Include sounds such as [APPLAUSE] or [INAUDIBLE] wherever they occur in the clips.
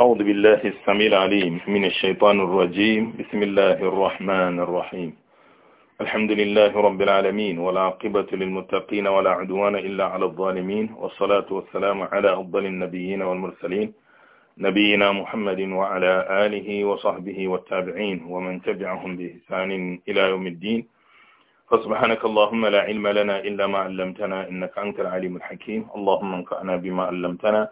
أعوذ بالله السميع العليم من الشيطان الرجيم بسم الله الرحمن الرحيم الحمد لله رب العالمين والعاقبة للمتقين ولا عدوان إلا على الظالمين والصلاة والسلام على أفضل النبيين والمرسلين نبينا محمد وعلى آله وصحبه والتابعين ومن تبعهم بإحسان إلى يوم الدين فسبحانك اللهم لا علم لنا إلا ما علمتنا إنك أنت العليم الحكيم اللهم انفعنا بما علمتنا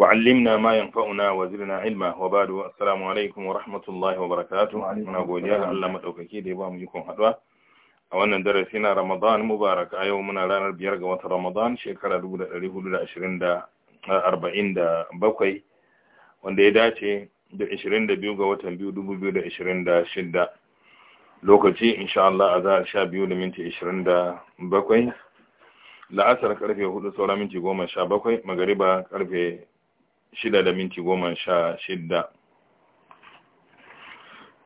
وعلمنا ما ينفعنا وزدنا علما وبعد السلام عليكم ورحمة الله وبركاته muna godiya ga Allah madaukaki da ya ba mu ikon haduwa a wannan darasi na Ramadan mubarak a yau muna ranar biyar ga wata Ramadan shekara 1447 wanda ya dace da 22 ga watan 2026 lokaci insha Allah a za sha biyu da minti 27 la'asar karfe 4 saura minti 17 magariba karfe shida da minti goma sha shida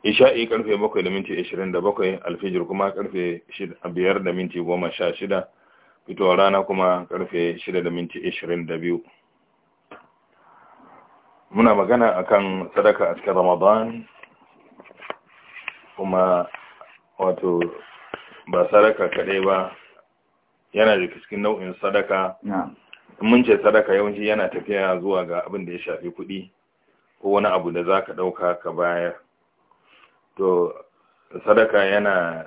isha'i karfe bakwai da minti ashirin da bakwai alfijir kuma karfe biyar da minti goma sha shida fitowar rana kuma karfe shida da minti ashirin da biyu muna magana akan sadaka a cikin ramadan kuma wato ba sadaka kaɗai ba yana da cikin nau'in sadaka mun ce sadaka yawanci yana tafiya zuwa ga abin da ya shafi kuɗi ko wani abu da za ka ɗauka ka bayar to sadaka yana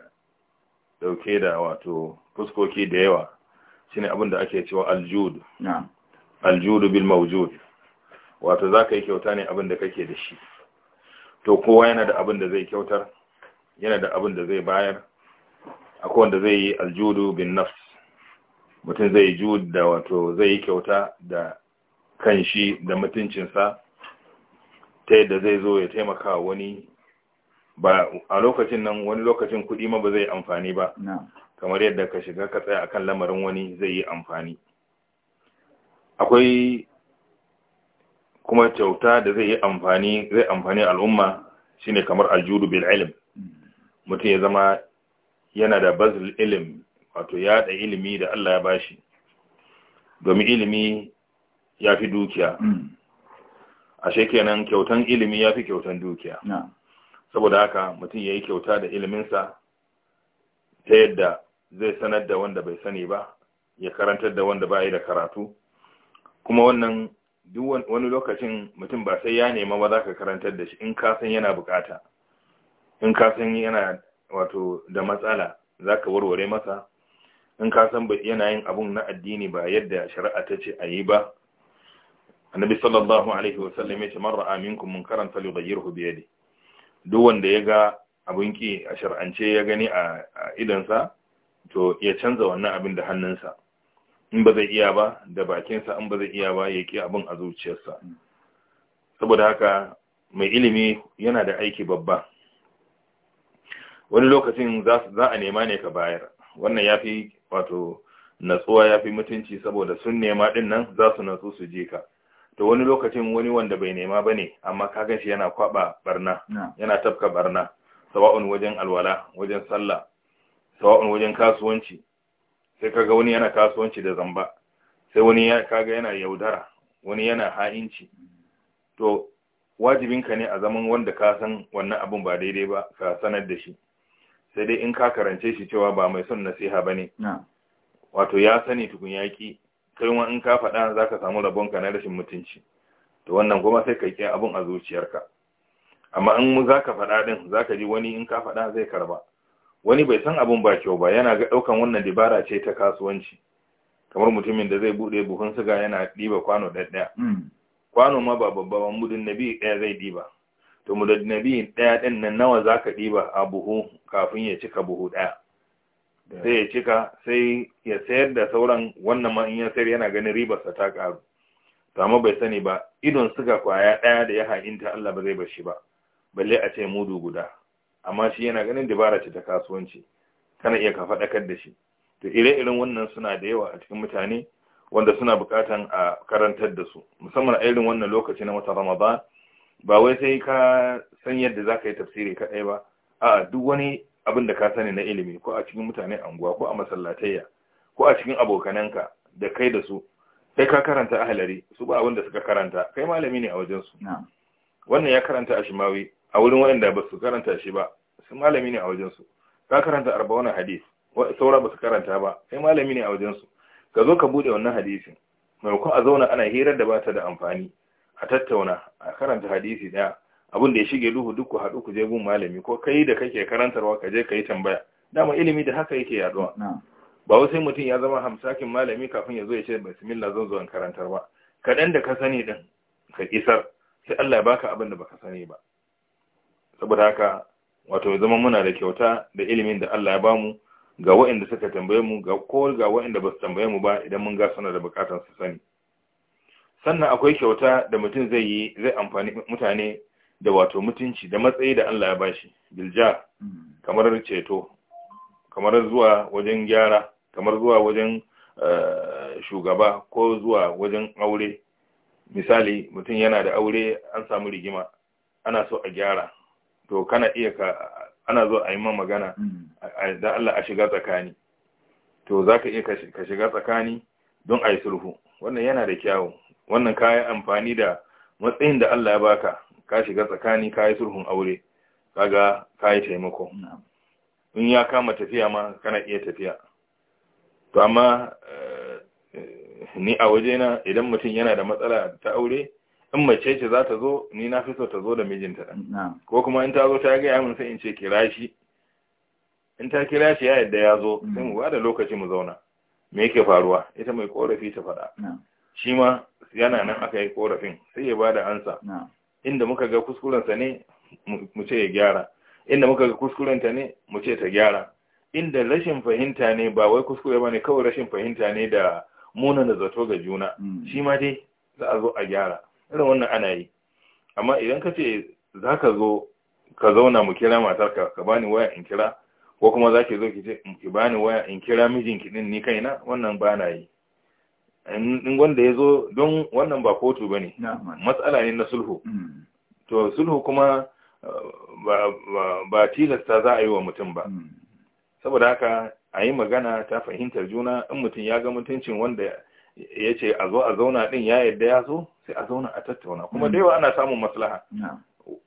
ɗauke da wato fuskoki da yawa shine abin da ake cewa aljud aljudu bil maujud wato za ka yi kyauta ne abin da kake da shi to kowa yana da abin da zai kyautar yana da abin da zai bayar akwai wanda zai yi aljudu bin nafs mutum zai yi da wato zai yi kyauta da kanshi da mutuncinsa ta yadda zai zo ya taimaka wani ba a lokacin nan wani lokacin kuɗi ma ba zai amfani ba kamar yadda ka shiga ka tsaya akan lamarin wani zai yi amfani akwai kuma kyauta da zai yi amfani zai amfani al'umma shine kamar aljudu bil ilim. Hmm. mutum ya zama yana da bazil ilm wato yada ilimi da Allah ya bashi domin ilimi ya fi dukiya mm. ashe kenan kyautan ilimi ya fi kyautan dukiya saboda haka mutum ya yi kyauta da iliminsa ta yadda zai sanar da wanda bai sani ba ya karantar da wanda bai da karatu kuma wannan duk wani lokacin mutum ba sai ya nema ba za ka karantar da shi in ka san yana bukata in ka san yana wato da matsala za ka warware masa in ka san yana yin abun na addini ba yadda shari'a ta ce a yi ba annabi sallallahu alaihi wasallam ya ce man ra'a minkum munkaran falyughayyirhu bi yadi duk wanda ya ga abun ki a shar'ance ya gani a sa to ya canza wannan abin da hannunsa in ba zai iya ba da bakinsa in ba zai iya ba ya ki abin a zuciyarsa saboda haka mai ilimi yana da aiki babba wani lokacin za a nema ne ka bayar wannan ya fi wato natsuwa ya fi mutunci saboda sun nema ɗin nan za su natsu su je ka to wani lokacin wani wanda bai nema ba ne amma ka gan shi yana kwaɓa barna yana tafka barna sawa'un wajen alwala wajen sallah sawa'un wajen kasuwanci sai kaga wani yana kasuwanci da zamba sai wani ya kaga yana yaudara wani yana ha'inci to wajibinka ne a zaman wanda ka san wannan abun ba daidai ba ka sanar da shi sai dai in ka karance shi cewa ba mai son nasiha ba ne wato ya sani tukun yaƙi kai wani in ka faɗa za ka samu rabonka na rashin mutunci to wannan kuma sai ka ƙi abun a zuciyarka amma in mu za ka faɗa ɗin za ka ji wani in ka faɗa zai karba wani bai san abin ba kyau ba yana ga ɗaukan wannan dibara ce ta kasuwanci kamar mutumin da zai buɗe buhun siga yana ɗiba kwano ɗaya mm. kwano ma ba babban mudun na biyu ɗaya zai ɗiba to mudadnabi ɗaya ɗin nan nawa za ka ɗiba a buhu kafin ya cika buhu ɗaya sai ya cika sai ya sayar da sauran wannan ma ya sayar yana ganin ribarsa ta ƙaru to amma bai sani ba idon suka kwaya ɗaya da ya ha'inta Allah ba zai bar shi ba balle a ce mudu guda amma shi yana ganin dabara ce ta kasuwanci kana iya ka faɗakar da shi to ire irin wannan suna da yawa a cikin mutane wanda suna bukatan a karantar da su musamman a irin wannan lokaci na wata Ramadan ba wai sai ka san yadda za ka yi tafsiri kaɗai ba a duk wani abin da ka sani na ilimi ko a cikin mutane anguwa ko a masallatayya ko a cikin abokananka da kai da su sai ka karanta ahalari su ba abin da suka karanta kai malami ne a wajensu wannan ya karanta a shimawi a wurin waɗanda ba su karanta shi ba su malami ne a wajensu ka karanta arba'una hadis saura ba su karanta ba kai malami ne a wajensu ka zo ka buɗe wannan hadisin maimakon a zauna ana hirar da ba ta da amfani a tattauna a karanta hadisi ɗaya, abin da ya shige duhu duk ku haɗu ku je gun malami ko kai da kake karantarwa ka je ka yi tambaya dama ilimi da haka yake yaɗuwa. ba wai sai mutum ya zama hamsakin malami kafin ya zo ya ce bismillah zan zo in karantar ba kaɗan da ka sani din ka isar sai Allah ya baka abin da baka sani ba saboda haka wato zama muna da kyauta da ilimin da Allah ya bamu ga waɗanda suka tambaye mu ga ko ga waɗanda ba su tambaye mu ba idan mun ga suna da bukatar su sani sannan akwai kyauta da mutum zai yi zai amfani mutane da wato mutunci da matsayi da Allah ya bashi bilja kamar ceto kamar zuwa wajen gyara kamar zuwa wajen eh, shugaba ko zuwa wajen aure misali mutum yana da aure an samu rigima ana so a gyara to kana iya ka ana zo a yi ma magana da Allah a shiga tsakani to za ka iya ka shiga tsakani don a yi sulhu wannan yana da kyawu wannan ka yi amfani da matsayin da Allah ya baka ka shiga tsakani ka yi sulhun aure kaga ka yi taimako in ya kama tafiya ma kana iya tafiya to amma eh, ni a wajena idan mutum yana da matsala ta aure in mace ce za ta zo ni na fi so ta zo da mijinta ɗan ko kuma in ta zo ta gaya min sai in ce kira shi in ta kira shi ya yadda ya zo mm. sai mu ba da lokaci mu zauna me yake faruwa ita mai korafi ta faɗa shi ma yana nan aka yi korafin sai ya da ansa inda muka ga kuskurensa ne mu ce ya gyara inda muka ga kuskurenta ne mu ce ta gyara inda rashin fahimta ne ba wai kuskure ba ne kawai rashin fahimta ne da muna da zato ga juna mm. shi ma dai za a zo a gyara irin wannan ana yi amma idan ka ce za ka zo ka zauna mu kira matarka ka bani waya in kira ko kuma za ki zo ki ce ki bani waya in kira mijinki din ni kaina wannan ba na yi in wanda ya zo don wannan ba kotu ba ne matsala ne na sulhu mm. to sulhu kuma uh, ba tilasta za a yi wa mutum ba mm. saboda haka a yi magana ta fahimtar juna in mutum ya ga mutuncin wanda ya ce a zo a zauna din ya yadda ya zo sai a zauna a tattauna kuma mm. da yawa ana samun maslaha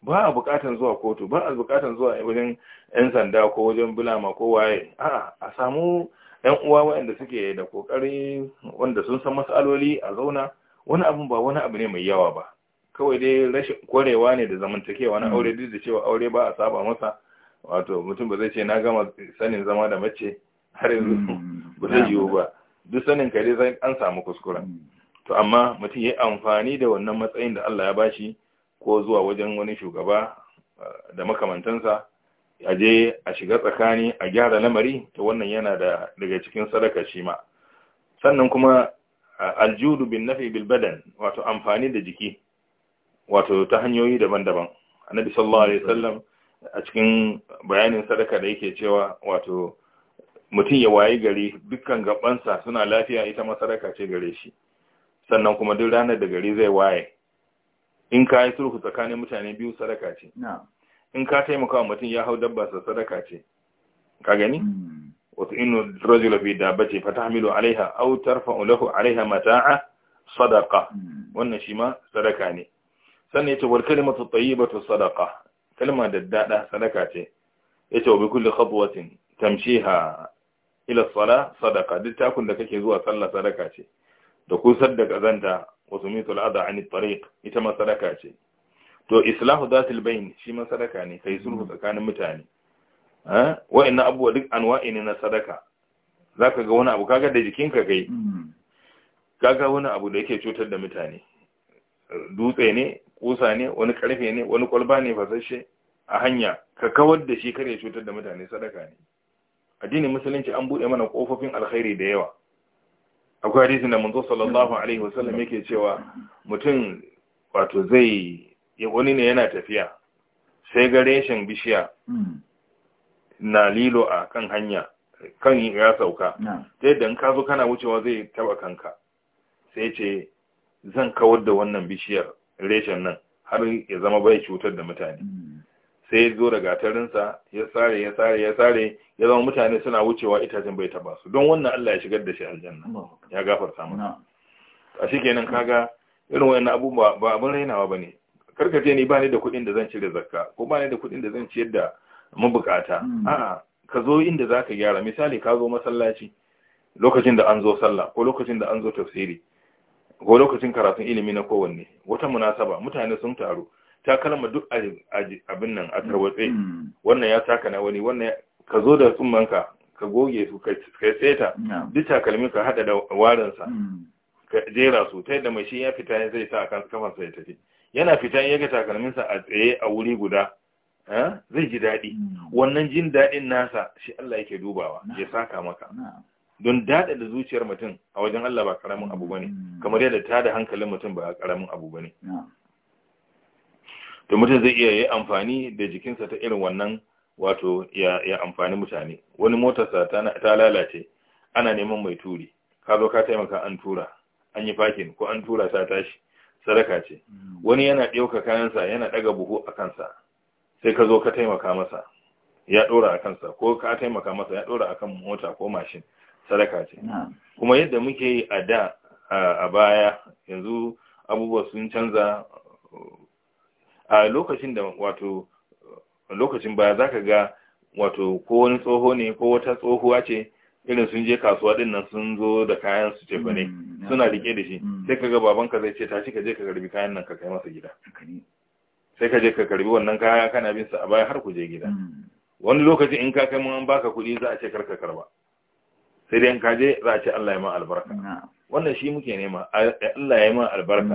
ba a bukatan zuwa kotu ba a bukatan zuwa wajen 'yan sanda ko wajen bulama ko waye a a samu yan uwa waɗanda suke da kokari wanda sun san matsaloli a zauna wani abun ba wani abu ne mai yawa ba kawai dai rashin kwarewa ne da zamantakewa na aure mm. duk da cewa aure ba a saba masa wato mutum ba zai ce na gama sanin zama da mace har yanzu mm. [LAUGHS] ba zai yiwu ba duk sanin ka dai an samu kuskura mm. to amma mutum ya amfani da wannan matsayin da Allah ya bashi ko zuwa wajen wani shugaba eh, da makamantansa Aje a shiga tsakani a gyara lamari to wannan yana da daga cikin sadaka shi ma sannan kuma aljudu bin nafi bil badan wato amfani da jiki wato ta hanyoyi daban-daban annabi sallallahu alaihi wasallam a cikin bayanin sadaka da yake cewa wato mutum ya wayi gari dukkan gabansa suna lafiya ita ma sadaka ce gare shi sannan kuma duk ranar da gari zai waye in ka yi sulhu tsakanin mutane biyu sadaka ce in ka taimaka wa mutum ya hau dabba sa sadaka ce ka gani hmm. wato inu rajula fi dabbati fatahmilu alaiha aw tarfa'u lahu alaiha mata'a sadaqa hmm. wannan shi ma sadaka ne sannan yace wal kalimatu tayyibatu sadaqa kalma daddada sadaka ce yace wa bi kulli khatwatin tamshiha ila sala sadaqa duk takun da kake zuwa sallah sadaka ce da kusar da kazanta wasu mitul adha anit tariq ita ma sadaka ce to islahu dhatil bayn shi ma sadaka ne kai sulhu mm. tsakanin mutane eh wa'annan abuwa duk anwa'i ne na sadaka zaka ga wani abu kaga da jikinka kai mm. kaga wani abu da yake cutar da mutane dutse ne kusa ne wani karfe ne wani kwalba ne fasashe a hanya ka kawar da shi kare cutar da mutane sadaka ne addinin musulunci an bude mana kofofin alkhairi da yawa akwai hadisin da manzo sallallahu alaihi wasallam yake cewa mutum wato zai ya wani ne yana tafiya sai ga reshen bishiya na lilo a kan hanya kan ya sauka ta yadda in ka kana wucewa zai taba kanka sai ce zan kawar da wannan bishiyar reshen nan har ya zama bai cutar da mutane hmm. sai ya zo da gatarinsa ya sare ya sare ya sare ya zama mutane suna wucewa itacen bai taba su don wannan Allah ya shigar da shi aljanna ya gafarta mana a shi kenan kaga irin wayannan abubuwa ba abin rainawa bane karkace ni bani da kuɗin da zan cire zakka ko bani da kuɗin da zan ciyar da mabukata hmm. a'a ka zo inda zaka gyara misali ka zo masallaci lokacin da an zo sallah ko lokacin da an zo tafsiri ko lokacin karatun ilimi na kowanne wata munasaba mutane sun taru ta kalma duk abin nan a tarwatse hmm. wannan ya taka na wani wannan ka zo da tsummanka ka goge su ka tseta duk takalmin ka hada da warinsa hmm. ka jera su ta yadda mai shi ya fita ya zai sa a kan kafansa ya tafi yana fita in yaga takalminsa a tsaye a wuri guda zai ji daɗi mm. wannan jin daɗin nasa shi Allah yake dubawa ya saka maka don daɗa da zuciyar mutum a wajen Allah ba karamin abu bane mm. kamar yadda ta da hankalin mutum ba karamin abu bane to mutum zai iya yi amfani da jikinsa ta irin wannan wato ya amfani mutane wani motarsa ta lalace ana neman mai turi ka zo ka taimaka an tura an yi fakin ko an tura ta tashi sadaka ce mm. wani yana ɗauka kayansa yana ɗaga buhu a kansa sai ka zo ka taimaka masa ya ɗora a kansa ko ka taimaka masa ya ɗora a kan mota ko mashin sadaka ce kuma yadda muke yi a da a baya yanzu abubuwa sun canza a lokacin da wato lokacin baya za ka ga wato ko wani tsoho ne ko wata tsohuwa ce irin sun je kasuwa din nan sun zo da kayan su ce bane mm, suna rike da shi mm. sai kaga babanka zai ce tashi ka je ka karbi kayan nan ka kai masa gida sai ka je ka karbi wannan kaya kana bin sa a baya har ku je gida mm. wani lokaci in ka kai mun an baka kuɗi za a ce karka karba sai dai in ka je za a ce Allah ya ma albarka wannan shi muke nema Allah ya ma albarka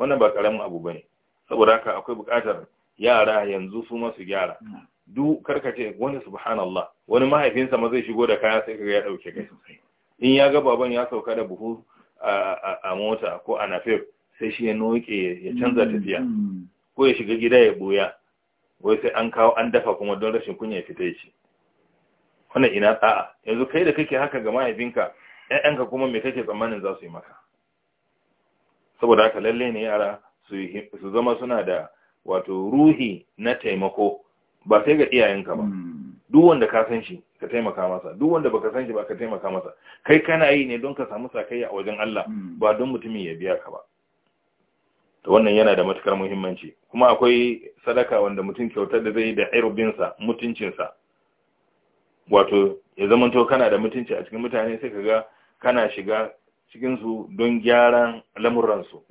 wannan ba karamin abu bane saboda haka akwai buƙatar yara yanzu su ma su gyara duk karkace wani subhanallah wani mahaifinsa ma zai shigo da kaya sai kaga ya dauke kai in ya ga baban ya sauka da buhu a mota ko a nafef sai shi ya noke ya canza mm. tafiya ko ya shiga gida ya boya wai sai an kawo an dafa kuma don rashin kunya ya fita shi wannan ina tsa'a yanzu kai da kake haka ga mahaifinka ƴaƴanka kuma me kake tsammanin za su yi maka saboda haka lallai ne yara su zama suna da wato ruhi na taimako ba sai ga iyayenka ba hmm. duk wanda ka san shi ka taimaka masa duk wanda baka san shi ba ka taimaka masa kai kana yi ne don ka samu sakayya a wajen Allah hmm. ba don mutumin ya biya ka ba to wannan yana da matukar muhimmanci kuma akwai sadaka wanda mutum kyautar da zai da mutuncin mutuncinsa wato ya zamanto kana da mutunci a cikin mutane sai kaga kana shiga cikinsu don gyaran lamuransu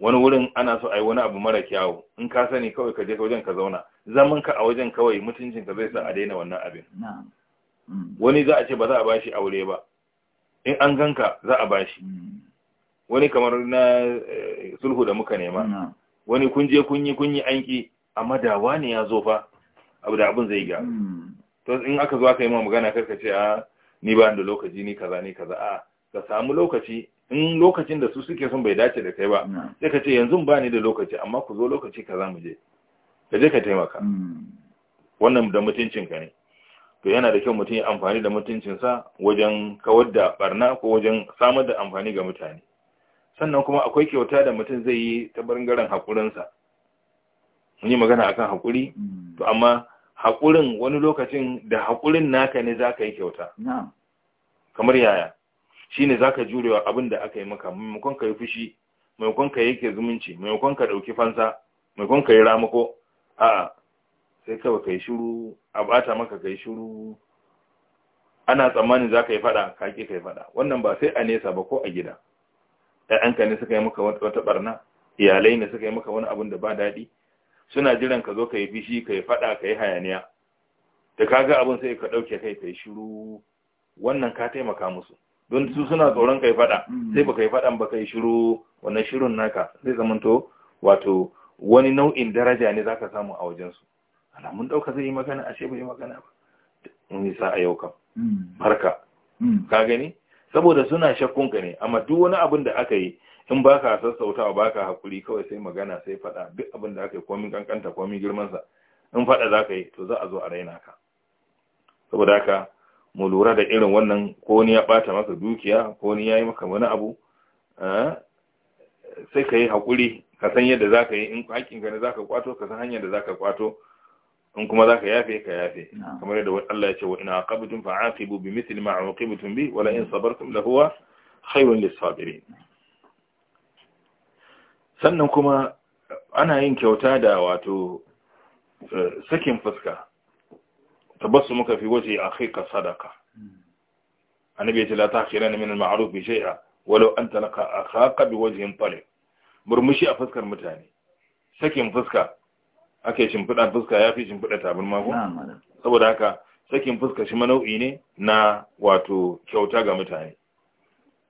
wani wurin ana so a yi wani abu mara kyawu in ka sani kawai ka je wajen ka zauna zaman ka a wajen kawai mutuncin ka zai sa a daina wannan abin mm. wani za a ce ba za a bashi aure ba in an ganka za a bashi mm. wani kamar na eh, sulhu da muka nema wani kun je kun yi kun yi anki amma da ne ya zo fa abu da abin zai gyaru mm. to in aka zo aka yi ma magana karka ce a ah, ni ba da lokaci ni kaza ni kaza a ka samu lokaci in lokacin da su suke son bai dace da kai ba hmm. sai ka ce yanzu ba ni da lokaci amma ku zo lokaci ka za mu je ka je ka taimaka hmm. wannan da mutuncinka ne to yana da kyau mutum ya amfani da mutuncinsa wajen kawar da barna ko wajen samar da amfani ga mutane sannan kuma akwai kyauta da mutum zai yi ta bangaren haƙurinsa mun yi magana akan haƙuri hmm. to amma haƙurin wani lokacin da haƙurin naka ne za ka yi kyauta kamar yaya shine zaka jurewa abin da aka yi maka maimakon ka yi fushi maimakon ka yake zumunci maimakon ka dauki fansa maimakon ka yi ramako a'a sai ka kai shiru a bata maka kai shiru ana tsammanin zaka yi faɗa, ka ka kai fada wannan ba sai a nesa ba ko a gida Ya'yanka ne suka yi maka wata barna iyalai ne suka yi maka wani abin da ba daɗi suna jiran ka zo ka yi fishi ka yi faɗa ka yi hayaniya da ka ga abin sai ka ɗauke kai ka yi shiru wannan ka taimaka musu don su suna tsoron kai faɗa mm. sai baka yi faɗan baka yi shiru wannan shirun naka zai zamanto wato wani nau'in daraja ne zaka samu a wajen su alamun dauka zai yi magana ashe bai yi magana ba in sa a yau kam mm. barka mm. ka gani saboda suna shakkun ka ne amma duk wani abin da aka yi in baka sassautawa baka hakuri kawai sai magana sai faɗa duk abin da aka yi komin kankanta komin girman sa in faɗa zaka yi to za a zo a raina ka saboda haka mu lura da irin wannan ko ni ya bata maka dukiya ko ni ya yi maka wani abu sai ka yi ka san yadda za ka yi in ka ne za ka kwato ka san hanyar da za ka kwato in kuma za ka yafe ka yafe kamar yadda Allah ya ce wa ina aqabtum fa aqibu bi mithli ma uqibtum bi wala in sabartum la huwa khayrun lis sabirin sannan kuma ana yin kyauta da wato eh, sakin fuska muka fi wajhi ka sadaka annabi ya ce la ta'khira min al-ma'ruf bi shay'a walau anta talaka akhaka bi wajhin talib murmushi a fuskar mutane sakin fuska ake shimfida fuska yafi shimfida tabarma mago saboda haka sakin fuska shi manau'i ne na wato kyauta ga mutane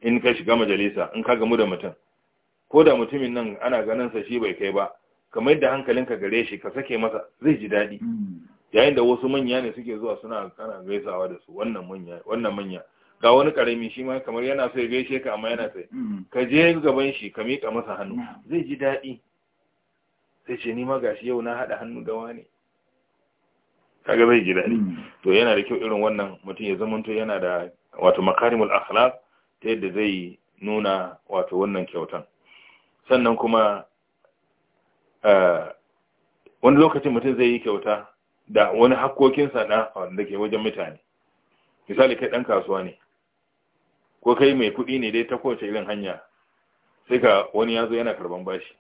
in ka shiga majalisa in ka gamu da mutum ko da mutumin nan ana ganin sa shi bai kai ba kamar da hankalinka gare shi ka sake masa zai ji daɗi hmm. yayin da wasu manya ne suke zuwa suna kana gaisawa da su wannan manya wannan manya ga wani karami shi ma kamar yana so ya gaishe ka amma yana sai mm-hmm. ka je gaban shi ka miƙa masa hannu zai ji daɗi sai ce ni ma gashi yau na haɗa hannu da wani kaga zai ji daɗi mm-hmm. to yana da kyau irin wannan mutum ya zamanto yana da wato makarimul akhlaq ta yadda zai nuna wato wannan kyautan sannan kuma eh, wani lokacin mutum zai yi kyauta da wani hakkokinsa na wanda ke wajen mutane misali kai ɗan kasuwa ne ko kai mai kuɗi ne dai ta kowace irin hanya sai ka wani ya zo yana karban bashi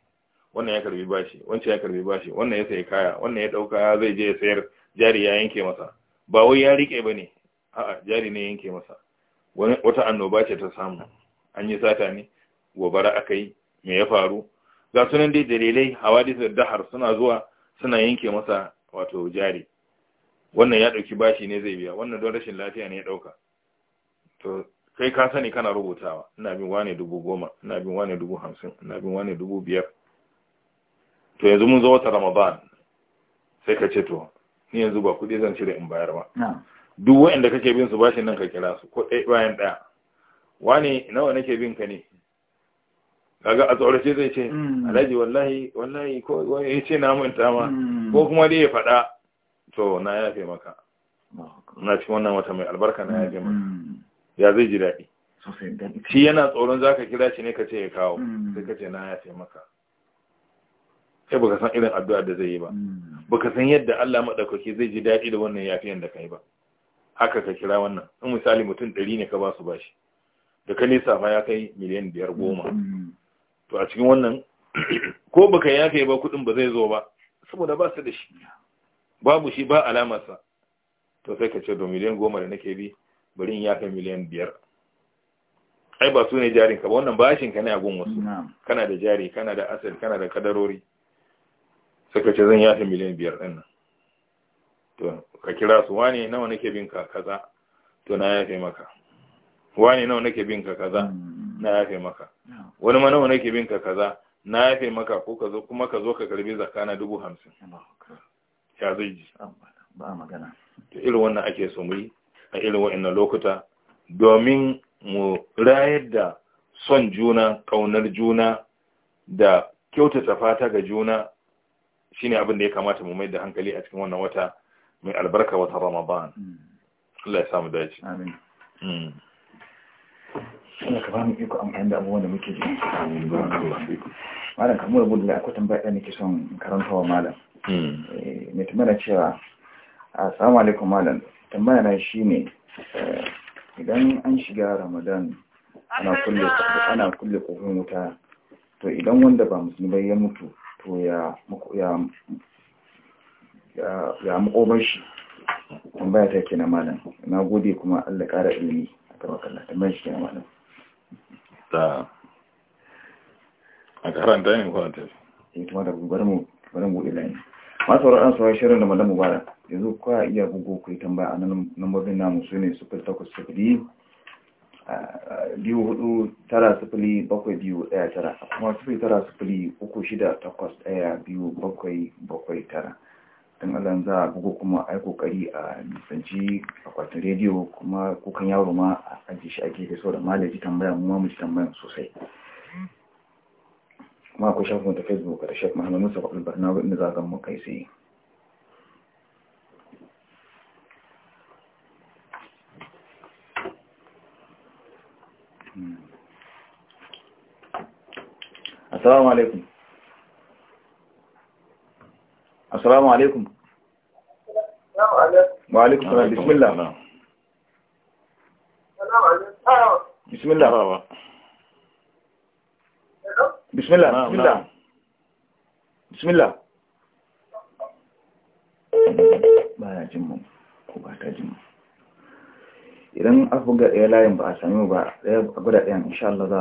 wannan ya karbi bashi wancan ya karbi bashi wannan ya sayi kaya wannan ya ɗauka zai je ya sayar jari ya yanke masa ba wai ya riƙe ba ne a'a jari ne yanke masa wata annoba ce ta samu an yi sata ne gobara aka yi me ya faru ga sunan dai dalilai hawadis da dahar suna zuwa suna yanke masa wato jari wannan ya ɗauki bashi ne zai biya wannan don rashin lafiya ne ya ɗauka to kai ka sani kana rubutawa ina bin wane dubu goma ina bin wane dubu hamsin ina bin wane dubu biyar to yanzu mun zo wata ramadan sai ka ce to ni yanzu ba kuɗi zan cire in bayar ba duk wa'anda kake bin su bashin nan ka kira su ko ɗaya bayan ɗaya wane nawa nake bin ka ne kaga a tsorace zai ce mm. alhaji wallahi wallahi ko ya ce na manta ma mm. ko kuma dai ya faɗa to na yafe maka na ci wannan wata mai albarka na yafe maka mm. ya zai ji daɗi shi yana tsoron za ka kira shi ne ka ce ya kawo sai ka ce na yafe maka sai baka san irin addu'a da zai yi ba baka san yadda Allah maɗaukaki zai ji daɗi da wannan yafiyan da kai ba haka ka kira wannan in misali mutum ɗari ne ka ba su bashi da ka ma ya kai miliyan biyar goma to a cikin wannan ko baka yafe ba kudin ba zai zo ba saboda ba su da shi babu shi ba alamarsa to sai ka ce to miliyan goma da nake bi bari in yafe miliyan biyar ai ba su ne jarinka ba wannan bashin ka ne a gun wasu kana da jari kana da asali kana da kadarori sai ka ce zan yafe miliyan biyar ɗin nan to ka kira su wane nawa nake bin ka kaza to na yafe maka wane nawa nake bin ka kaza mm. na yafe maka wani mana wani ke bin ka kaza na yafe maka ko ka zo kuma ka zo ka karbi zakka na dubu hamsin ya zai ji ba magana to irin wannan ake so mu yi a irin wa'annan lokuta domin mu rayar da son juna kaunar juna da kyautata fata ga juna shine abin da ya kamata mu mai da hankali a cikin wannan wata mai albarka wata ramadan hmm. Allah ya samu dace amin hmm. suna ka bamu iko amfani da abubuwan da muke ji malam kamar rabu da akwai tambaya ɗaya nake son karanta wa malam hmm. eh, mai tambaya cewa assalamu alaikum malam tambaya na shi ne eh, idan an shiga ramadan ana kulle kofin wuta to idan wanda ba musulmi ya mutu to ya ya makobar shi tambaya ta ke na malam na gode kuma allah ƙara ilimi a gabakan tambayar shi ke na malam ta a karanta ne ko ta kuma da eh, bari mu bari mu ila ne masu ra'an sauran da yanzu kwa iya gugu ku tambaya a nan namu su ne 0800 biyu hudu tara sifili bakwai biyu daya tara kuma sifili tara sifili uku shida takwas daya biyu bakwai bakwai tara don allah za a bugu kuma a yi kokari a nisanci kwatin rediyo kuma kukan yaro ma a ajiye shi ake da saboda malaji tambaya mu ma mu ji tambayan sosai kuma akwai shafin ta facebook da shafi muhammadu musa kwakwal barna wadda za a gan kai sai hmm. assalamu alaikum assalamu alaikum wa alaikum salam bismillah bismillah bismillah bismillah bismillah baya jin mu ta jin idan aka ga ɗaya layin ba a sami ba ɗaya guda ɗayan insha Allah za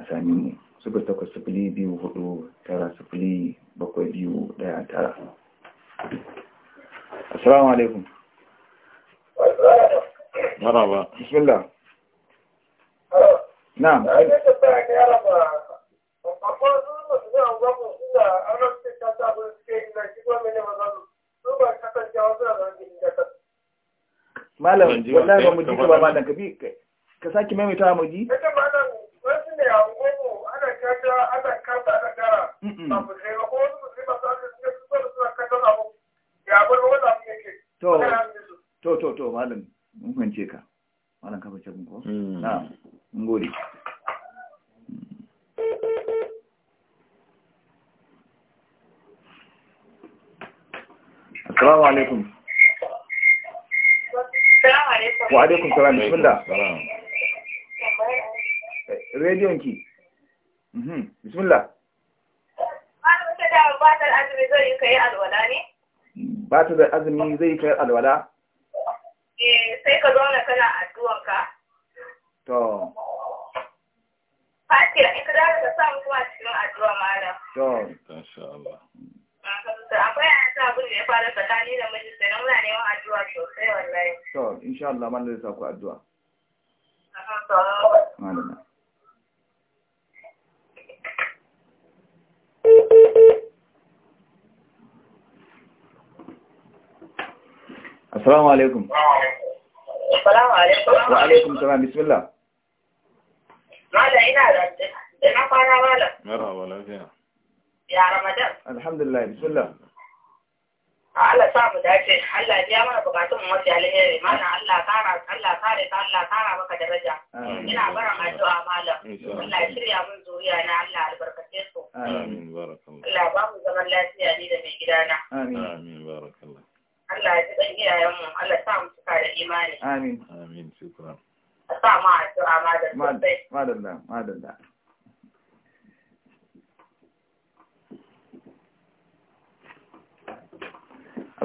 a sami mu sufuri takwas sufuri biyu hudu tara sufuri bakwai biyu daya tara assalamu alaikum maraba bismillah na malam wallahi ba mu ji ba malam ka bi ka saki maimaita mu ji to malam mun fahimce ka malam kafa ce ko hmm. na mun gode assalamu alaikum wa alaikum salam bismillah rediyon ki mhm. bismillah ba ta da azumi zai kai alwala ne ba ta da azumi zai kai alwala شاء الله ما الذي سأكو الدعاء السلام عليكم السلام عليكم وعليكم السلام بسم الله ماذا هنا دي ما قانا ولا مرحبا ولا فيها يا رمضان الحمد لله بسم الله Allah sa mu dace Allah ya mana bukatun mu alheri mana Allah kara Allah kare ka Allah kara maka daraja ina barin ma addu'a malam Allah shirya mun zuriya na Allah albarkace su amin barakallahu Allah ba mu zaman lafiya ni da mai gidana amin amin barakallahu Allah ya ji iyayen mu Allah sa mu cika da imani amin amin shukran sa mu addu'a malam madalla madalla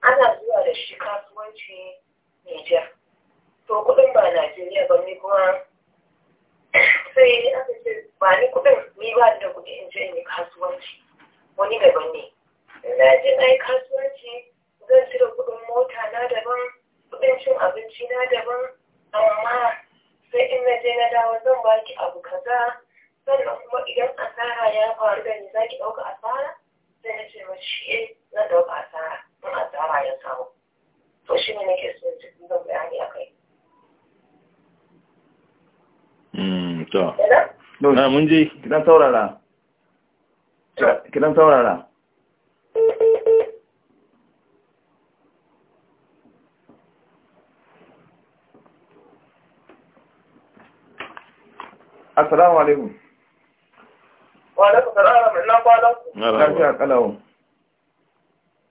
ana zuwa da shi kasuwanci Nijar. To kudin ba Najeriya ba ne kuma sai aka ce ba ni kudin ni ba da kudi in je ne kasuwanci wani daban ne. Na je na yi kasuwanci zan cire kudin mota na daban kudin cin abinci na daban amma sai in na je na dawo zan baki abu kaza sannan kuma idan asara ya faru da ni za ki ɗauka asara sai na ce mashi eh, na ɗauka asara. suna tara ya samu to shi ne nake so cikin zan bayani akai kai hmm, to na mun je kidan saurara kidan saurara Assalamu alaikum. Wa alaikum salam, ina kwanan. Na kai rawa.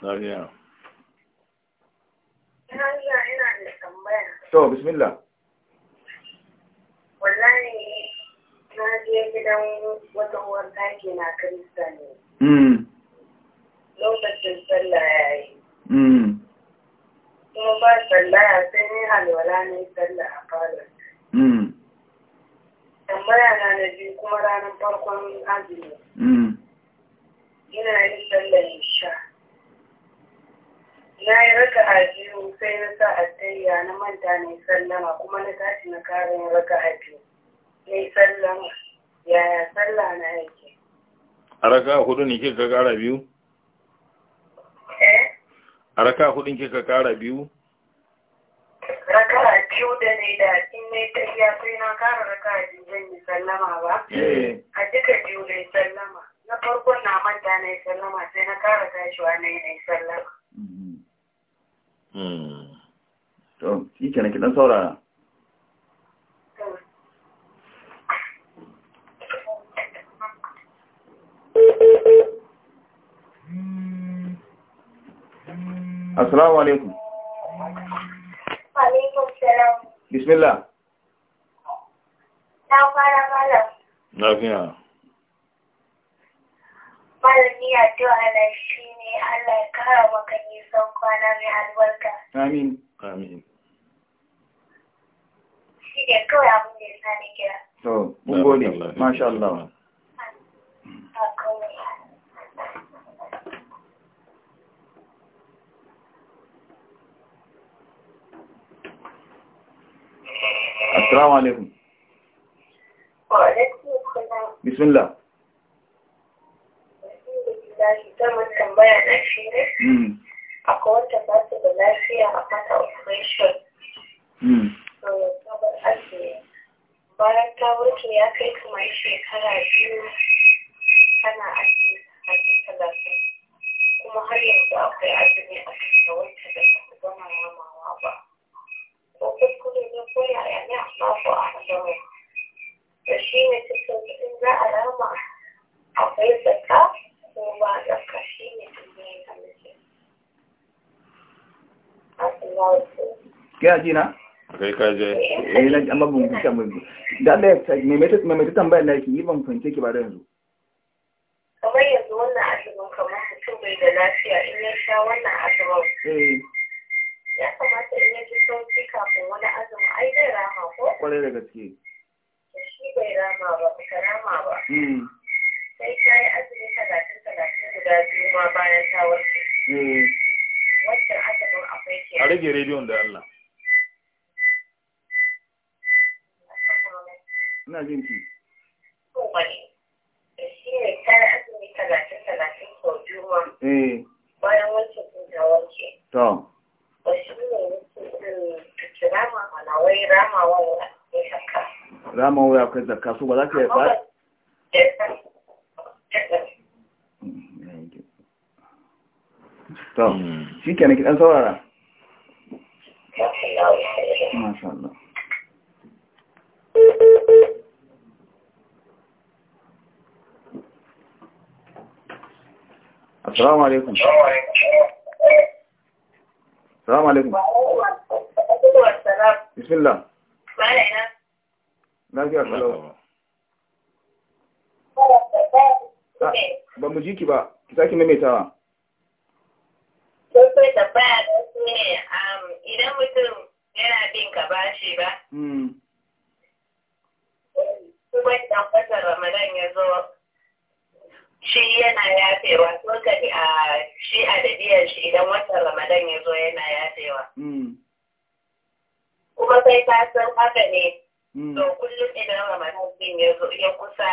Lafiya. Ina iya ina da tambaya. To, bismillah. Wallahi na je gidan wata uwar taki na Kirista ne. Mm. Lokacin sallah ya yi. Mm. Kuma ba sallah sai ni halwala ne sallah a falon. Mm. Tambaya na na biyu kuma ranar farkon azumi. Yana yin sallar isha na yi raka a biyu sai na sa attayya na manta na yi sallama kuma na tashi na yin raka a biyu na yi sallama yaya sallah na yake a raka hudu ne kika kara biyu eh? a raka hudun kika kara biyu raka biyu da ne da in na yi tafiya sai na kara raka a biyu zan yi sallama ba eh. a duka biyu na yi sallama na farko na manta na yi sallama sai na kara tashiwa na yi na yi sallama. To, shi kenan kiɗan saurara. Assalamu alaikum. Alaikum salam. Bismillah. Na fara malam. Lafiya. malami addu'a na shi ne Allah ya kara albarka. Amin. Amin. Shi ne kawai abin da ya sa ni kira. mun gode. Masha Allah. Assalamu alaikum. Wa alaikum salam. Bismillah. Na zaman tambaya na shi ne hmm. akwai wanda ba da lafiya a mata operation hmm. sabar azumi bayan ta warke ya kai kamar shekara biyu tana azumi kina ji na kai ka je eh, na ya yi yanzu in eh. ya kamata in kafin wani azumin ai zai rama ko kwarai da gaske shi bai rama ba ka rama ba hmm. sai ta yi azumi talatin talatin guda biyu ma bayan ta warke. Eh. Wancan azumin akwai ke. A rage rediyon da Allah. ina jin ki shi eh. ne ta azumi talatin talatin wanke to ba shi ne rama mana wai rama wani zakka so ba za ka yi ba to hmm. shi kenan ki ɗan saurara Masha Allah. assalamu alaikum assalamu alaikum bismillah lafiya kalau ba mu ji ki ba ki saki maimaitawa sosai da ba idan mutum yana bin ka bashi ba hmm. kuma idan fasar ramadan ya zo shi yana yafewa sun ka a shi a dadiyar shi idan watan ramadan ya zo yana yafewa hmm. kuma sai ka san haka ne hmm. to kullum idan ramadan din ya zo ya kusa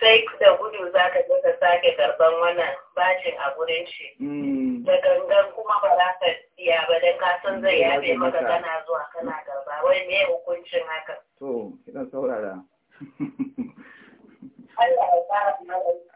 sai da gudu za ka je ka sake karban wannan bacin a gurin shi hmm. da gangan kuma ba za ka siya ba dan ka san zai yafe maka kana zuwa kana karba wai me hukuncin haka to kidan saurara [LAUGHS] Allah ya fara mana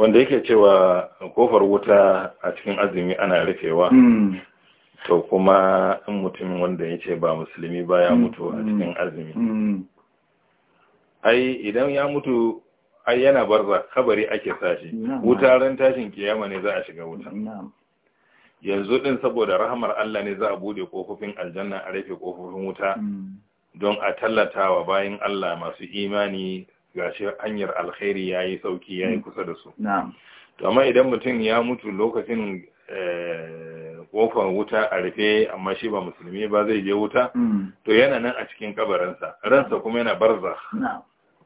wanda yake cewa kofar wuta a cikin azumi ana rufewa hmm. to kuma in mutumin wanda ya ce ba musulmi ba ya hmm. mutu a hmm. cikin azumi ai idan ya mutu ai yana barza kabari ake sashi wutaren tashin kiyama ne za a shiga wuta yanzu din saboda rahamar Allah ne za a bude kofofin aljanna a rufe kofofin wuta don a tallata wa bayin Allah masu imani gashi hanyar alkhairi yayi sauki yayi mm. kusa da su to amma idan mutum ya mutu lokacin eh, kofar wuta a rufe amma shi ba musulmi ba zai je wuta mm. to yana nan a cikin kabarinsa ransa kuma yana barza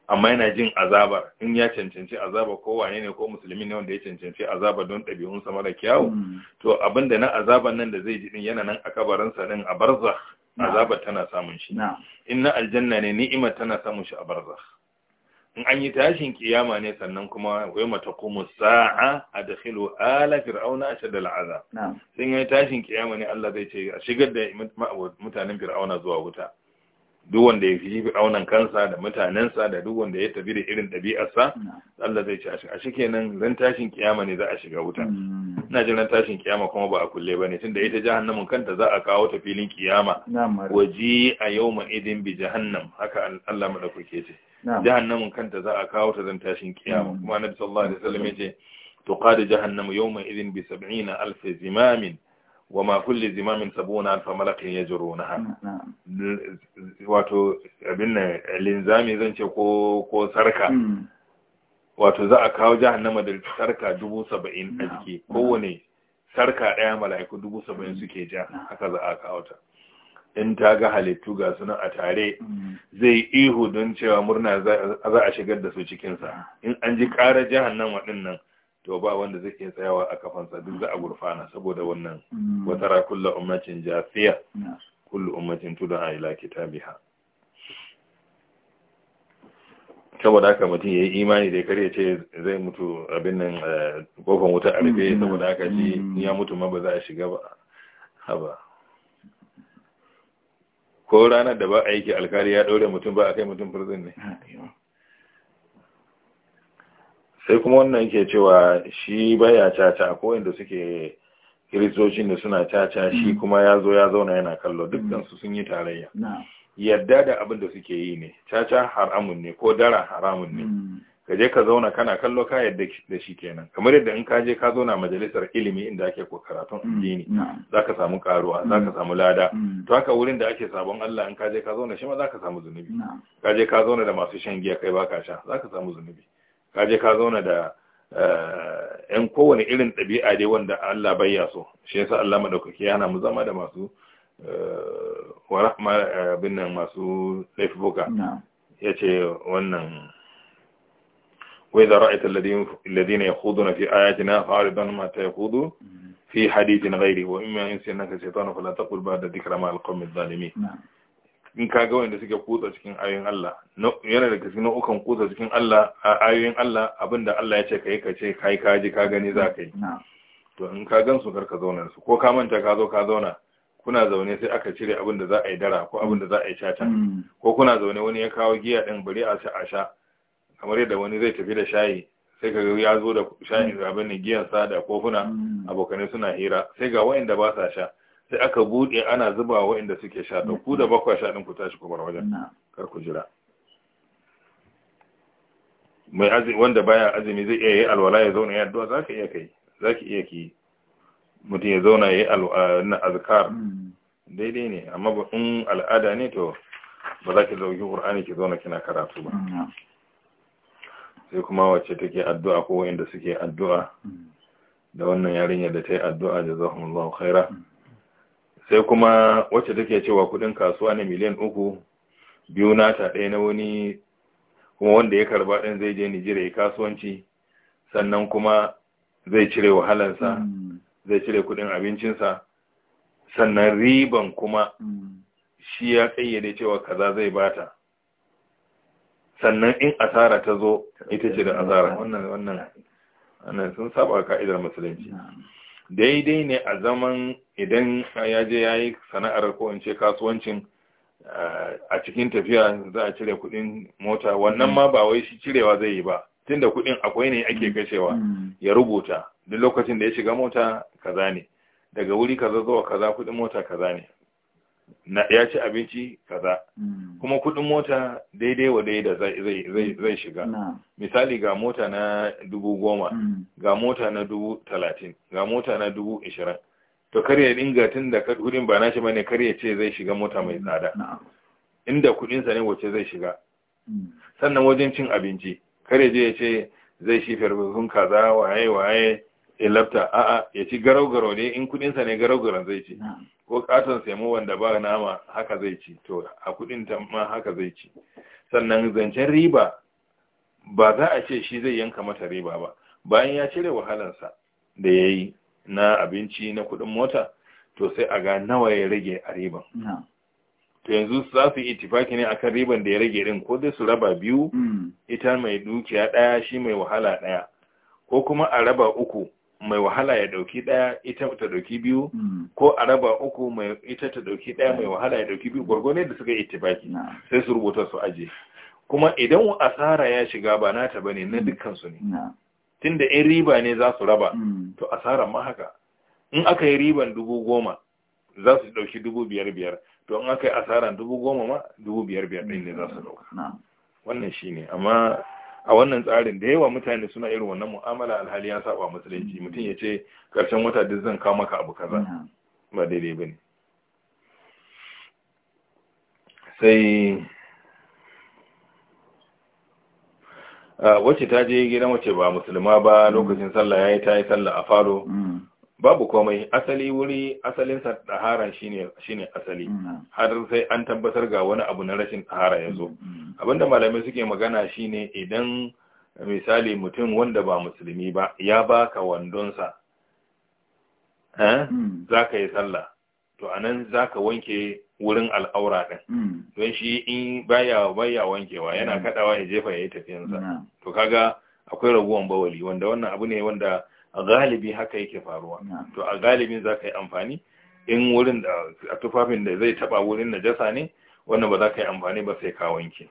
amma yana jin azabar in ya cancanci azaba ko wane ne ko musulmi ne wanda ya cancanci azaba don ɗabi'unsa mara kyawu mm. to abinda na azaban nan da zai ji din yana nan a kabarinsa din a barza azabar tana samun shi in na aljanna ne ni'imar tana samun shi a barza in an yi tashin kiyama ne sannan kuma wai mata kuma sa'a a da filo. ala fir'auna a shaddal azab sun yi tashin kiyama ne Allah zai ce a shigar da mutanen fir'auna zuwa wuta duk wanda ya fi fir'aunan kansa da mutanensa da duk wanda ya tafi da irin ɗabi'arsa Allah zai ce a shi kenan ran tashin kiyama ne za a shiga wuta hmm. ina jin ran tashin kiyama kuma ba a kulle ba ne Tun da ita jahannamin kanta za a kawo ta filin kiyama Waje a yau idin bi jahannam haka Allah maɗaukake ce jahannamin kanta za a kawo ta zan tashin kiyama kuma na annabi sallallahu alaihi wasallam yace tuqad jahannamu yawma idin bi 70 alf zimamin wa ma kulli zimamin 70 alf malakin yajrunaha wato abin linzami zan ce ko ko sarka hmm. wato za a kawo jahannama da sarka dubu saba'in a jiki kowane sarka ɗaya mala'iku dubu saba'in suke ja haka za a kawo ta in ta ga halittu ga suna a tare mm. zai ihu don cewa murna za a shigar da su cikinsa mm. in an ji ƙara nan ɗin nan to ba wanda zai iya tsayawa a kafansa duk za a gurfana saboda wannan mm. wata ra kulla ummatin jafiya kullu ummatin a ila kitabiha saboda haka mutum ya yi imani da kare ce zai mutu abin nan eh, kofan wuta a rufe saboda haka ji ya mutu ma ba za a shiga ba haba ko ranar da ba a yake alkali ya ɗaure mutum ba a kai mutum firzin ne sai kuma wannan yake cewa shi baya caca ko inda suke kiristocin da suna caca shi mm. kuma ya zo ya zauna yana kallo mm. dukkan su sun yi tarayya yadda da abin da suke yi ne caca haramun ne ko dara haramun ne mm. ka je ka zauna kana kallo ka yadda da shi kenan kamar yadda in ka je ka zauna majalisar ilimi inda ake ko karatun mm, addini mm, zaka samu karuwa mm, zaka samu lada to haka wurin da ake sabon Allah in ka je ka zauna shi ma zaka samu zunubi ka je ka zauna da masu shan giya kai baka sha zaka samu zunubi ka je ka zauna da yan eh, kowane irin ɗabi'a dai wanda Allah bayya so shi yasa Allah madaukaki yana mu zama da masu eh, wa rahma eh, binnan masu laifuka ce wannan وإذا رأيت الذين الذين يخوضون في آياتنا فأعرض عنهم حتى يخوضوا في حديث غيره وإما ينسينك الشيطان فلا تقل بعد ذكر مع القوم الظالمين in ka ga wanda suke kutsa cikin ayoyin Allah yana da cikin nau'ukan kutsa cikin Allah a ayoyin Allah abinda Allah ya ce kai ka ce kai ka ji ka gani za ka yi to in ka gan su kar ka zauna su ko ka manta ka zo ka zauna kuna zaune sai aka cire abinda za a yi dara ko abinda za a yi caca ko kuna zaune wani ya kawo giya din bari a sha a sha kamar yadda wani zai tafi da shayi sai ga ya zo da shayin mm. abin da giyansa da kofuna mm. abokanai suna hira sai ga wa'inda ba sa sha sai aka bude ana zuba wa'inda suke sha to ku da mm. bakwa sha din ku tashi ku bar wajen kar ku jira mai azumi wanda baya azumi zai iya yi alwala ya zauna ya addu'a zaka iya kai zaki iya ki mutum ya zauna ya yi azkar daidai ne amma in al'ada ne to ba za ki zauki qur'ani ki zauna kina karatu ba sai kuma wacce take addu'a ko wanda suke addu'a da wannan yarinya da ta yi addu'a da jazakumullahu khaira sai kuma wacce take cewa kudin kasuwa ne miliyan uku biyu nata ɗaya na wani kuma wanda ya karba ɗin zai je Nijira ya kasuwanci sannan kuma zai cire wahalansa zai cire kudin abincinsa sannan riban kuma hmm. shi ya kayyade cewa kaza zai bata sannan in asara ta zo ita ce da asara wannan sun saba ka'idar musulunci daidai ne a zaman idan ya je ya yi sana'ar ko in ce kasuwancin eh, a cikin tafiya za a cire kudin mota wannan mm. ma ba wai shi cirewa zai yi ba tunda kudin akwai ne ake mm. kashewa mm. ya rubuta duk lokacin da ya shiga mota kaza ne daga wuri kaza zuwa kaza kudin mota kaza ne ya ci abinci kaza hmm. kuma kudin mota daidai wa da hmm. zai shiga misali ga mota na dubu goma hmm. ga mota na dubu talatin ga mota na dubu ishirin to karya dinga tun da kudin ba nashi bane karya ce zai shiga mota mai tsada inda kudinsa ne wace zai shiga sannan wajen cin abinci karya je ya ce zai shi farfafun kaza waye waye ya lafta a'a ya ci garau-garau ne in kudinsa ne garau-garau zai ci ko katon semu wanda ba nama haka zai ci to a kudin ta ma haka zai ci sannan zancen riba ba za a ce shi zai yanka mata riba ba bayan ya cire wahalansa da ya yi na abinci na kudin mota to sai a ga nawa ya rage a riban to yanzu za su yi itifaki ne akan riban da ya rage din ko dai su raba biyu mm. ita mai dukiya daya shi mai wahala daya ko kuma a raba uku mai wahala ya dauki daya ita ta dauki biyu hmm. ko a raba uku mai ita ta dauki daya mai wahala ya dauki biyu gwargwane da suka yi tibaki sai su rubuta su aje kuma idan asara ya shiga ba ta bane na hmm. dukkan su ne tunda in riba ne za su raba hmm. to asara ma haka in aka yi riban dubu goma za su dauki dubu biyar biyar to in aka yi asaran dubu goma ma dubu biyar biyar ɗin ne za su dauka wannan shine amma a wannan tsarin da yawa mutane suna irin wannan mu'amala alhali ya saba musulunci mutum ya ce karshen wata duk zan kawo maka abu kaza ba daidai ne sai ah, wacce ta je gidan wacce ba musulma ba mm. lokacin sallah yayi ta yi sallah a falo mm. babu komai asali wuri asalinsa ɗahara shine asali mm. har sai an tabbatar ga wani abu na rashin ɗahara ya zo mm, mm. abinda malamai suke magana shine idan misali mutum wanda ba musulmi ba ya baka sa eh, za zaka yi sallah to anan zaka wanke wurin al'aura din don shi in baya baya wankewa yana kaɗawa ya jefa yayi yi sa to kaga akwai raguwan bawali wanda wannan abu ne wanda galibi haka yake faruwa to a galibin za ka yi amfani in wurin da a tufafin da zai taba wurin jasa ne wannan ba za ka yi amfani ba sai ka wanke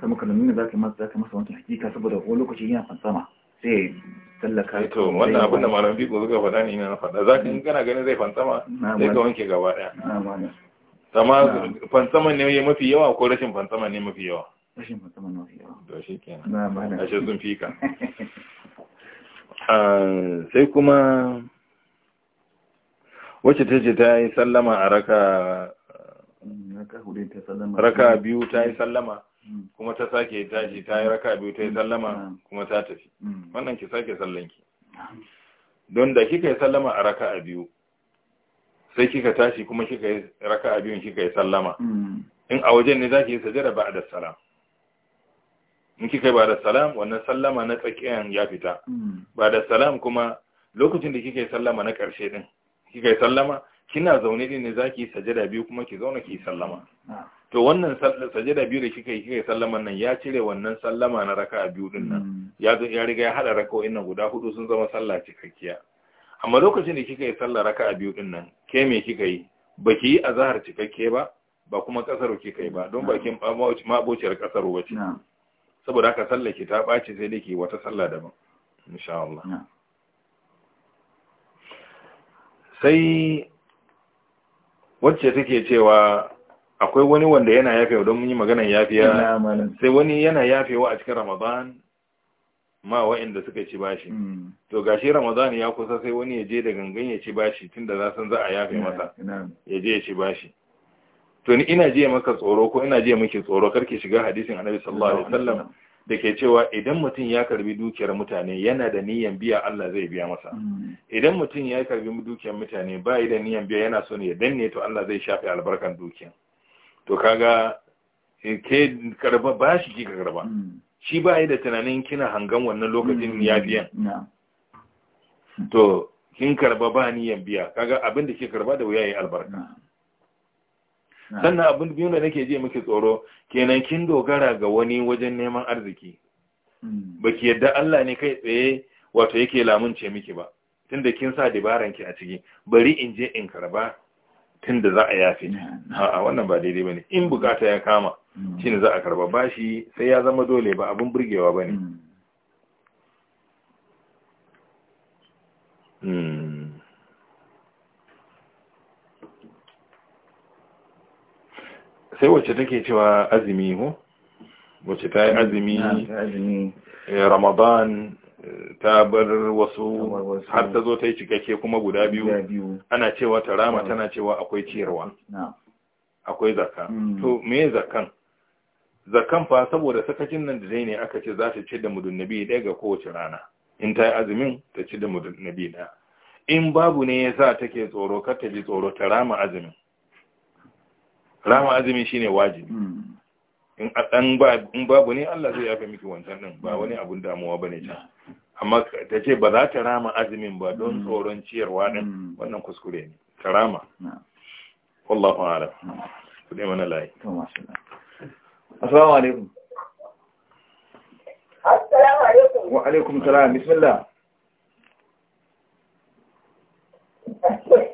ta maka nuna za ka masa za ka masa wanke hakika saboda wani lokaci yana fantsama sai tallaka to wannan abin da malam biko suka faɗa ne ina na faɗa za ka in kana ganin zai fantsama sai ka wanke gaba ɗaya sama fantsama ne mafi yawa ko rashin fantsama ne mafi yawa rashin fantsama ne mafi yawa to shi kenan na malam ashe sun fika [LAUGHS] sai kuma wacce ta ce ta yi sallama a raka raka biyu ta yi sallama kuma ta sake tashi ta yi raka biyu ta yi sallama kuma ta tafi wannan ki sake sallanki don da kika yi sallama a raka a biyu sai kika tashi kuma kika yi raka a biyun kika yi sallama hmm. in a wajen ne za ki yi sajada ba a da salama in kika ba da salam wannan sallama na tsakiyan ya fita ba da salam kuma lokacin da kika yi sallama na ƙarshe din kika yi sallama kina zaune din ne zaki yi sajada biyu kuma ki zauna ki yi sallama ah. to wannan sajada biyu da kika yi kika yi sallama nan ya cire wannan sallama na raka biyu din nan hmm. ya zo ya riga ya hada raka'o'in nan guda hudu sun zama sallah cikakkiya amma lokacin da kika yi sallah raka biyu din nan ke me kika yi baki yi a zahar cikakke ba ba kuma kasaro kika yi ba don bakin mabociyar kasaro ce. saboda haka sallar ki ta ɓaci sai dai ke wata sallah daban insha sai wacce take cewa akwai wani wanda yana yafe don mun yi maganar yafiya sai wani yana yafewa a cikin Ramadan ma wa'inda suka ci bashi hmm. to gashi Ramadan ya kusa sai wani ya je da gangan ya ci bashi tunda za za a yafe masa ya je ya ci bashi to ni ina jiya maka tsoro ko ina jiya miki tsoro karki shiga hadisin annabi sallallahu alaihi wasallam da ke cewa idan mutum ya karbi dukiyar mutane yana da niyan biya Allah zai biya masa mm. idan mutum ya karbi dukiyar mutane ba da niyan biya yana so ne ya danne to Allah zai shafe albarkan dukiyar to kaga eh, ke karba ba shi ki karba mm. shi ba da tunanin kina hangan wannan lokacin mm. ya biya to kin karba ba niyan biya kaga abin da ke karba da wuya yi albarka sannan abin biyu da nake je miki tsoro kenan kin dogara ga wani wajen neman arziki hmm. baki yadda Allah ne kai tsaye wato yake lamunce miki ba tunda kin sa dabaran ki a ciki bari in je in karba tunda za a yafe a wannan ba daidai bane in bukata ya kama hmm. shine za a karba bashi sai ya zama dole ba abin burgewa bane hmm. sai wacce take cewa azumi ko wacce ta yi azumi ramadan ta bar wasu har ta zo ta yi cikakke kuma guda biyu ana cewa ta rama tana cewa akwai ciyarwa akwai zaka hmm. to me zakan zakan fa saboda sakacin nan da ne aka ce za ta ci da mudunnabi ɗaya ga kowace rana in ta yi azumin ta ci da mudunnabi ɗaya in babu ne ya sa take tsoro kar ta ji tsoro ta rama azumin rama azumi shine wajibi hmm. in dan ba in babu ne Allah zai yafe miki wancan din ba wani abun damuwa bane ta amma ta ce ba za ta rama azumin ba don hmm. tsoron ciyarwa din hmm. wannan kuskure ne ta rama wallahu a'lam ku dai mana layi to mashallah assalamu alaikum assalamu alaikum wa alaikum salaam. bismillah [LAUGHS]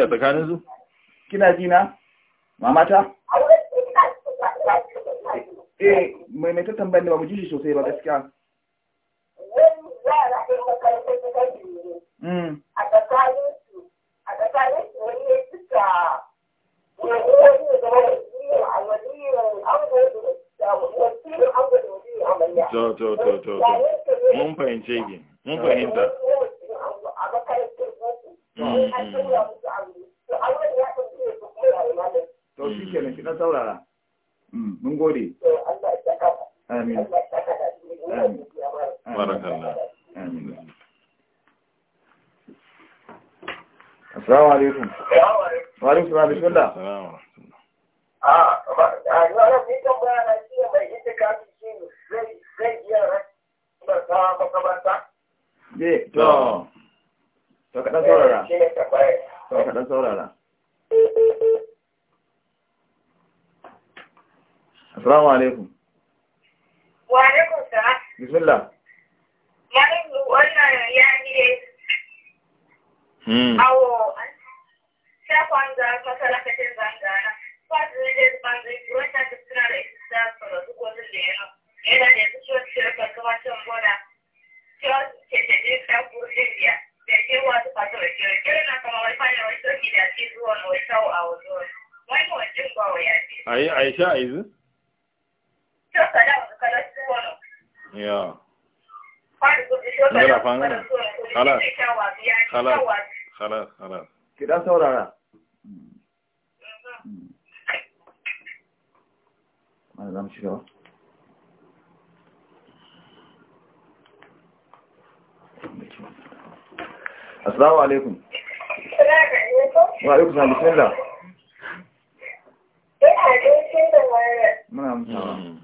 a a su? Kina na, Mamata? Eh, mai mai ta tambayar da ba mu ji shi sosai ba gaskiya. Mm. A tsakaninsu, a su wani ya cika To, to, to, to, to. Mun fahimce mun fahimta. barakallah assalamu alaikum wa alaikum ah, ah, ah, na assalamu alaikum bismillah wannan ya hmm. ne awo shafan da masalakacin zangara fasirin banzai wata ta suna da isa da duk wani lera yana da yanzu ciwon ciwon kasuwa ciwon gona ciwon kekeke ta kurjin biya da ke wasu fato da ciwon na kama wani fanya wani soki da ci zuwa na wai sau a wani wancin ba wa yaji. ayi aisha aizu? يا يلا فانا خلاص خلاص خلاص خلاص كده سورة ما نظام شو السلام عليكم وعليكم السلام بسم الله muna amsawa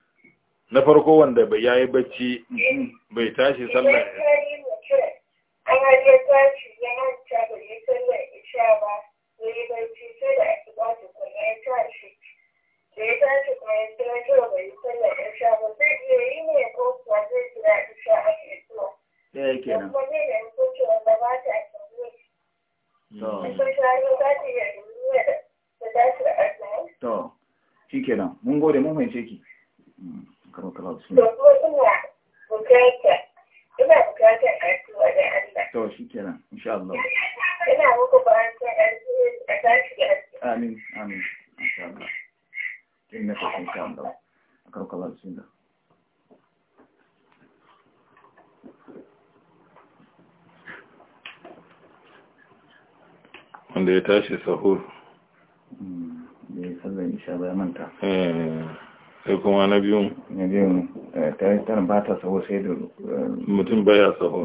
na farko wanda bai yayi bacci bai tashi sallar na biyu na biyun eh, tare ba ta saho sai da eh, mutum ba ya saho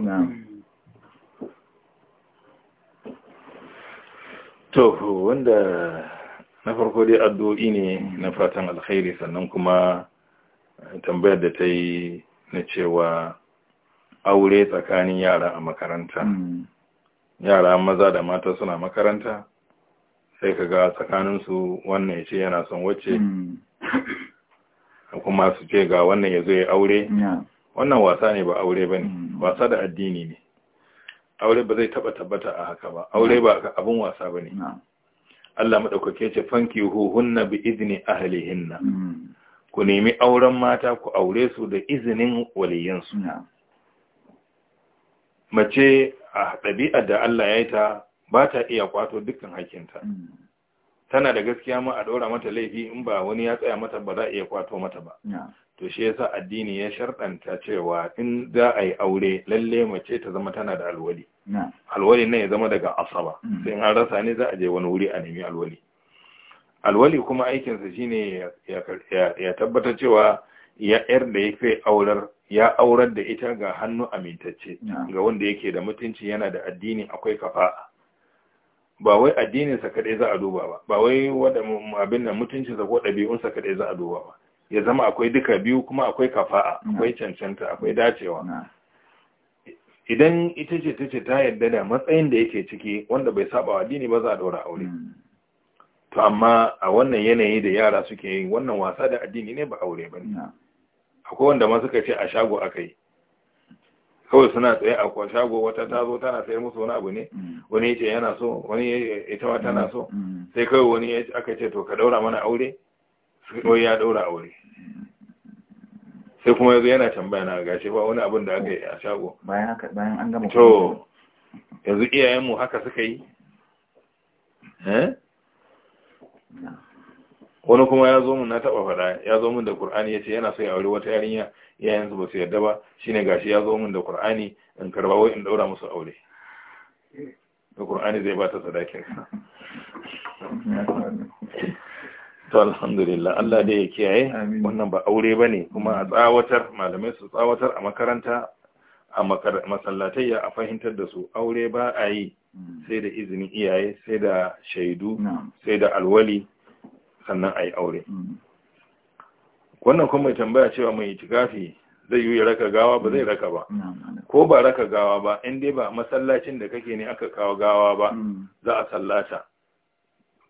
to wanda na farko dai addu'o'i ne na fatan alkhairi sannan kuma eh, tambayar da ta yi na cewa aure tsakanin yara a makaranta hmm. yara maza da mata suna makaranta sai ka ga tsakaninsu wannan ya ce yana son wacce hmm. kuma su ce ga wannan ya zo ya aure wannan wasa ne ba aure ba ne mm. wasa da addini ne aure ba zai taba tabbata a haka ba aure ba abin wasa ba ne Allah maɗaukake ce fanki hunna bi izini hinna.' Mm. ku nemi auren mata ku aure su da izinin waliyansu mace a ɗabi'ar da Allah ya yi ta ba ta iya kwato dukkan hakinta mm. tana da gaskiya ma a ɗora mata laifi in ba wani ya tsaya mata ba za a iya kwato mata ba to shi yasa addini ya sharɗanta cewa in za a yi aure lalle mace ta zama tana da alwali alwali nan ya zama daga asaba mm. sai in an rasa ne za a je wani wuri a nemi alwali alwali kuma aikinsa shine ya tabbatar cewa ya yar da ya fi aurar ya aurar da ita ga hannu amintacce ga wanda yake da mutunci yana da addini akwai kafa'a ba wai addininsa kadai za a duba ba ba wai wada abin nan mutuncinsa ko ɗabi'unsa kadai za a duba ba ya zama akwai duka biyu kuma akwai kafa'a akwai cancanta akwai dacewa idan ita ce tace ta yarda da matsayin da yake ciki wanda bai saba wa addini ba za a ɗora aure hmm. to amma a wannan yanayi da yara suke yi wannan wasa da addini ne ba aure ba ne akwai wanda ma suka ce a shago aka yi kawai suna tsaye a shago wata ta zo tana sayar musu wani abu ne mm. wani yace yana so wani ita ma tana mm. so mm. sai kawai wani ya aka ce to ka daura mana aure sai ya daura aure sai kuma yazo yana tambaya na gashi ba wani abin da aka yi a shago bayan haka bayan an gama to yanzu iyayen mu haka suka yi eh wani kuma ya zo mun na taba fada ya zo mun da Qur'ani yace yana so ya aure wata yarinya iyayensu su ba su yarda ba shine gashi ya zo mun da Qur'ani in karba wai in daura musu aure da Qur'ani zai bata sadakin to alhamdulillah Allah dai ya kiyaye wannan ba aure bane kuma a tsawatar malamai su tsawatar a makaranta a masallatai a fahimtar da su aure ba a yi mm. sai da izinin iyaye sai da shaidu sai da alwali sannan a yi aure mm. wannan kuma tambaya cewa mai itikafi zai yi raka gawa ba zai mm. raka ba ko ba raka gawa ba in dai ba a masallacin da kake ne aka kawo gawa ba mm. za a sallata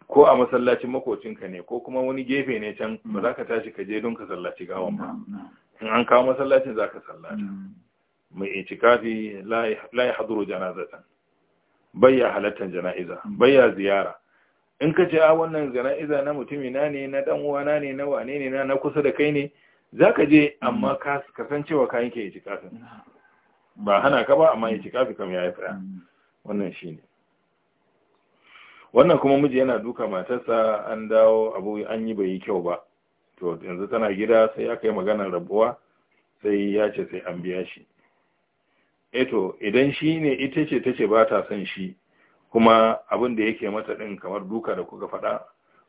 ko a masallacin makocinka ne ko kuma wani gefe ne can ba za ka tashi ka je don ka sallaci gawan ba in an kawo masallacin za ka sallata mai itikafi la ya haduru janazatan bayya halattar jana'iza bayya ziyara in ka ce a wannan jana'iza na mutumina ne na dan na ne na wane ne na kusa da kai ne zaka je amma ka kasancewa ka yanke itikafin ba hana ka ba amma itikafi kam ya fara wannan shine wannan kuma miji yana duka matarsa an dawo abu an yi bai yi kyau ba to yanzu tana gida sai aka yi magana rabuwa sai ya ce sai an biya shi eto eh idan shi ne ita ce ta ce ba ta son shi kuma abin da yake mata ɗin kamar duka da kuka faɗa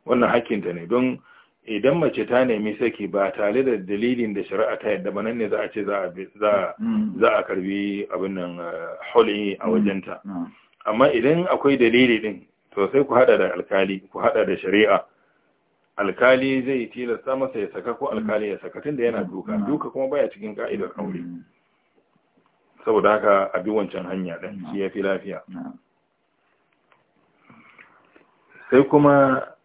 wannan hakinta ne don idan mace ta nemi saki ba tare da dalilin da shari'a ta yadda ba nan ne za a ce za a mm. karbi abin nan uh, holi a mm. wajenta mm. amma idan akwai dalili ɗin, to sai ku hada da alkali ku hada da shari'a alkali zai tilasta masa ya saka ko alkali ya saka tun da yana duka duka kuma baya cikin ka'idar aure saboda haka a bi wancan hanya din shi ya fi lafiya sai kuma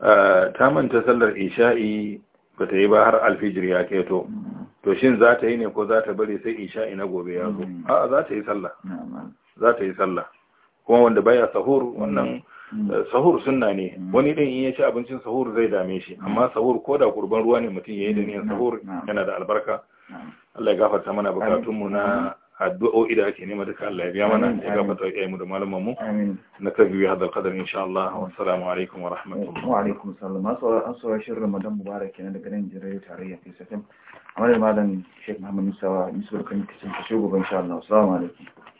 ta manta sallar isha'i ba ta yi ba har alfijir ya keto to shin za ta yi ne ko za ta bari sai isha'i na gobe ya zo mm. a za ta yi sallah za ta yi sallah kuma wanda baya sahur mm. wannan mm. Eh, sahur sunna ne wani ɗin in ya ci abincin sahur zai dame shi amma sahur ko da kurban ruwa ne mutum ya yi da niyan sahur yana da albarka Allah ya gafarta mana bukatunmu na addu'o'i da ake nema duka Allah ya biya mana ya gafarta ya mu da malaman mu na tabiwi hadal qadar insha Allah wa assalamu alaikum wa rahmatullahi wa alaikum assalam an so shirin Ramadan mubarak kenan daga nan jirai tarayya fi sakin amma da malam Sheikh Muhammad Musa Yusuf kan kicin kashe gobe insha Allah assalamu alaikum